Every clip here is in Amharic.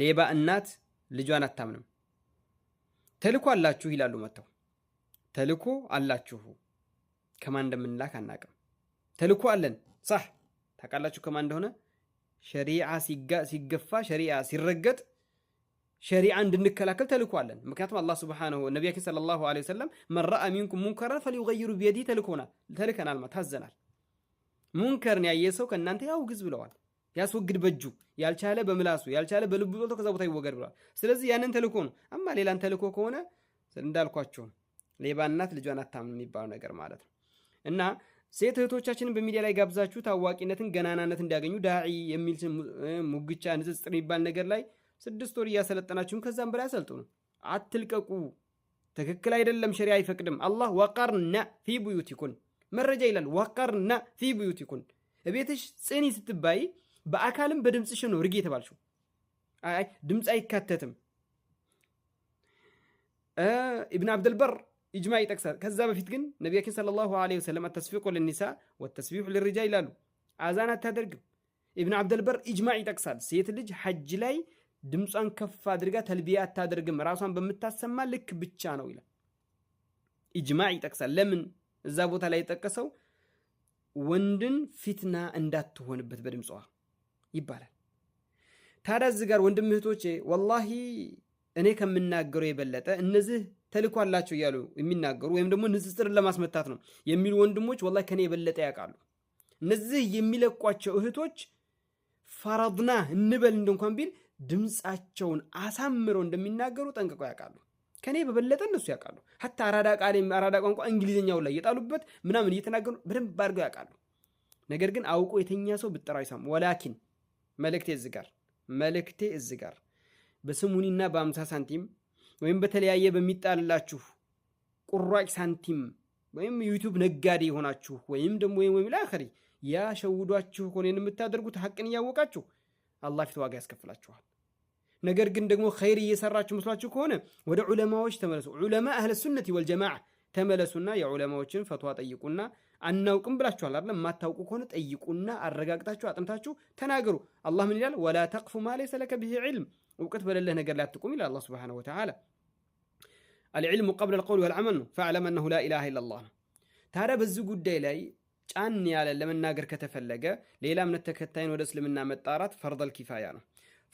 ሌባ እናት ልጇን አታምንም። ተልኮ አላችሁ ይላሉ መጥተው። ተልኮ አላችሁ ከማን እንደምንላክ አናቅም። ተልኮ አለን ሳህ ታውቃላችሁ ከማን እንደሆነ። ሸሪዓ ሲገፋ፣ ሸሪዓ ሲረገጥ፣ ሸሪዓ እንድንከላከል ተልኮ አለን። ምክንያቱም አላህ ሱብሓነሁ ነቢያችን ሰለላሁ ዐለይሂ ወሰለም መን ረአ ሚንኩም ሙንከራን ፈልዩገይሩ ቢየዲህ ተልኮናል፣ ተልከናል፣ ታዘናል። ሙንከርን ያየ ሰው ከእናንተ ያውግዝ ብለዋል። ያስወግድ በእጁ ያልቻለ በምላሱ ያልቻለ በልቡ ጸንቶ ከዛ ቦታ ይወገድ ብሏል። ስለዚህ ያንን ተልእኮ ነው። አማ ሌላን ተልእኮ ከሆነ እንዳልኳቸው ሌባ እናት ልጇን አታምን የሚባለው ነገር ማለት ነው እና ሴት እህቶቻችንን በሚዲያ ላይ ጋብዛችሁ ታዋቂነትን፣ ገናናነት እንዲያገኙ ዳዒ የሚል ሙግቻ፣ ንጽጽር የሚባል ነገር ላይ ስድስት ወር እያሰለጠናችሁን ከዛም በላይ አሰልጡ ነው። አትልቀቁ። ትክክል አይደለም። ሸሪያ አይፈቅድም። አላህ ወቀርነ ፊ ቡዩቲኩን መረጃ ይላል። ወቀርነ ፊ ቡዩቲኩን እቤትሽ ጽኒ ስትባይ በአካልም በድምፅሽ ነው እርግ የተባልሽው። አይ ድምፅ አይካተትም። ኢብን አብደልበር ኢጅማ ይጠቅሳል። ከዛ በፊት ግን ነቢያችን ሰለላሁ ዐለይሂ ወሰለም አተስፊቁ ልኒሳ ወተስቢሑ ልርጃ ይላሉ። አዛን አታደርግም። ኢብን አብደልበር ኢጅማ ይጠቅሳል። ሴት ልጅ ሐጅ ላይ ድምጿን ከፍ አድርጋ ተልቢያ አታደርግም፣ ራሷን በምታሰማ ልክ ብቻ ነው ይላል። ኢጅማ ይጠቅሳል። ለምን እዛ ቦታ ላይ የጠቀሰው ወንድን ፊትና እንዳትሆንበት በድምፅዋ ይባላል። ታዲያ እዚህ ጋር ወንድም እህቶቼ ወላሂ እኔ ከምናገረው የበለጠ እነዚህ ተልኮ አላቸው እያሉ የሚናገሩ ወይም ደግሞ ንጽጽርን ለማስመታት ነው የሚሉ ወንድሞች ወላሂ ከኔ የበለጠ ያውቃሉ። እነዚህ የሚለቋቸው እህቶች ፈረድና እንበል እንኳን ቢል ድምፃቸውን አሳምረው እንደሚናገሩ ጠንቅቀው ያውቃሉ። ከኔ በበለጠ እነሱ ያውቃሉ። ሀታ አራዳ ቃል አራዳ ቋንቋ እንግሊዝኛው ላይ እየጣሉበት ምናምን እየተናገሩ በደንብ አድርገው ያውቃሉ። ነገር ግን አውቆ የተኛ ሰው ብጠራው አይሰማም። ወላኪን መልእክቴ እዚህ ጋር መልእክቴ እዚህ ጋር በስሙኒና በአምሳ ሳንቲም ወይም በተለያየ በሚጣልላችሁ ቁራጭ ሳንቲም ወይም ዩቱብ ነጋዴ የሆናችሁ ወይም ደግሞ ወይም ወይም ላአኸሪ ያሸውዷችሁ ሆኔን የምታደርጉት ሀቅን እያወቃችሁ አላህ ፊት ዋጋ ያስከፍላችኋል። ነገር ግን ደግሞ ኸይር እየሰራችሁ መስሏችሁ ከሆነ ወደ ዑለማዎች ተመለሱ። ዑለማ አህለ ሱነት ወልጀማዓ ተመለሱና የዑለማዎችን ፈትዋ ጠይቁና አናውቅም ብላችኋል አለ የማታውቁ ከሆነ ጠይቁና አረጋግጣችሁ አጥንታችሁ ተናገሩ። አላህ ምን ይላል? ወላ ተቅፉ ማ ለይሰ ለከ ቢሂ ዒልም፣ እውቀት በሌለህ ነገር ላይ አትቁም ይላል አላህ ሱብሓነሁ ወተዓላ። አልዕልሙ ቀብለ ልቀውል ወልዓመል ነው። ፈዕለም አነሁ ላ ኢላሃ ኢለላህ ነው። ታዲያ በዚህ ጉዳይ ላይ ጫን ያለ ለመናገር ከተፈለገ ሌላ እምነት ተከታይን ወደ እስልምና መጣራት ፈርደል ኪፋያ ነው።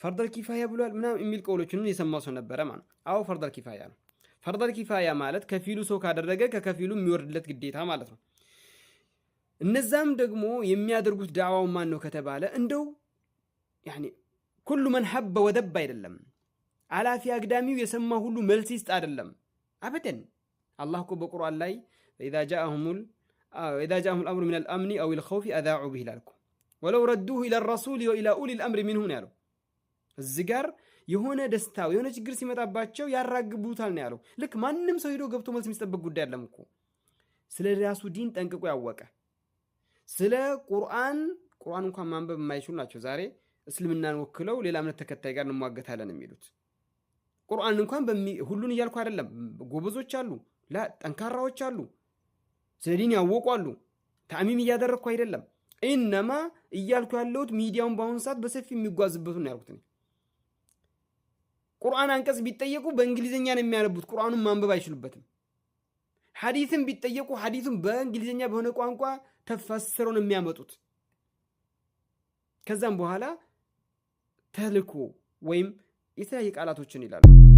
ፈርደል ኪፋያ ብሏል ምናምን የሚል ቀውሎችን የሰማ ሰው ነበረ ማለት ነው። አዎ ፈርደል ኪፋያ ነው። ፈርዳል ኪፋያ ማለት ከፊሉ ሰው ካደረገ ከከፊሉ የሚወርድለት ግዴታ ማለት ነው። እነዛም ደግሞ የሚያደርጉት ዳዕዋው ማን ነው ከተባለ እንደው ኩሉ መን ሀበ ወደብ አይደለም። አላፊ አግዳሚው የሰማ ሁሉ መልስ ይስጥ አይደለም። አበደን አላህ እኮ በቁርአን ላይ ኢዛ ጃአሁም አምሩ ሚነል አምኒ አው ልከውፊ አዛዑ ብህ ይላል እኮ ወለው ረዱሁ ኢላ ረሱል ወኢላ ኡሊል ልአምሪ ምንሁን ያለው እዚ ጋር የሆነ ደስታ የሆነ ችግር ሲመጣባቸው ያራግቡታል ነው ያለው። ልክ ማንም ሰው ሄዶ ገብቶ መልስ የሚጠበቅ ጉዳይ አለም እኮ ስለ ራሱ ዲን ጠንቅቆ ያወቀ ስለ ቁርአን ቁርአን እንኳን ማንበብ የማይችሉ ናቸው ዛሬ እስልምናን ወክለው ሌላ እምነት ተከታይ ጋር እንሟገታለን የሚሉት። ቁርአን እንኳን ሁሉን እያልኩ አይደለም። ጎበዞች አሉ፣ ጠንካራዎች አሉ፣ ስለ ዲን ያወቁ አሉ። ታሚም እያደረግኩ አይደለም። ኢነማ እያልኩ ያለሁት ሚዲያውን በአሁኑ ሰዓት በሰፊ ነው ያልኩት ቁርአን አንቀጽ ቢጠየቁ በእንግሊዝኛ ነው የሚያነቡት። ቁርአኑን ማንበብ አይችሉበትም። ሐዲትም ቢጠየቁ ሐዲቱን በእንግሊዝኛ በሆነ ቋንቋ ተፈስረው ነው የሚያመጡት። ከዛም በኋላ ተልኮ ወይም የተለያየ ቃላቶችን ይላሉ።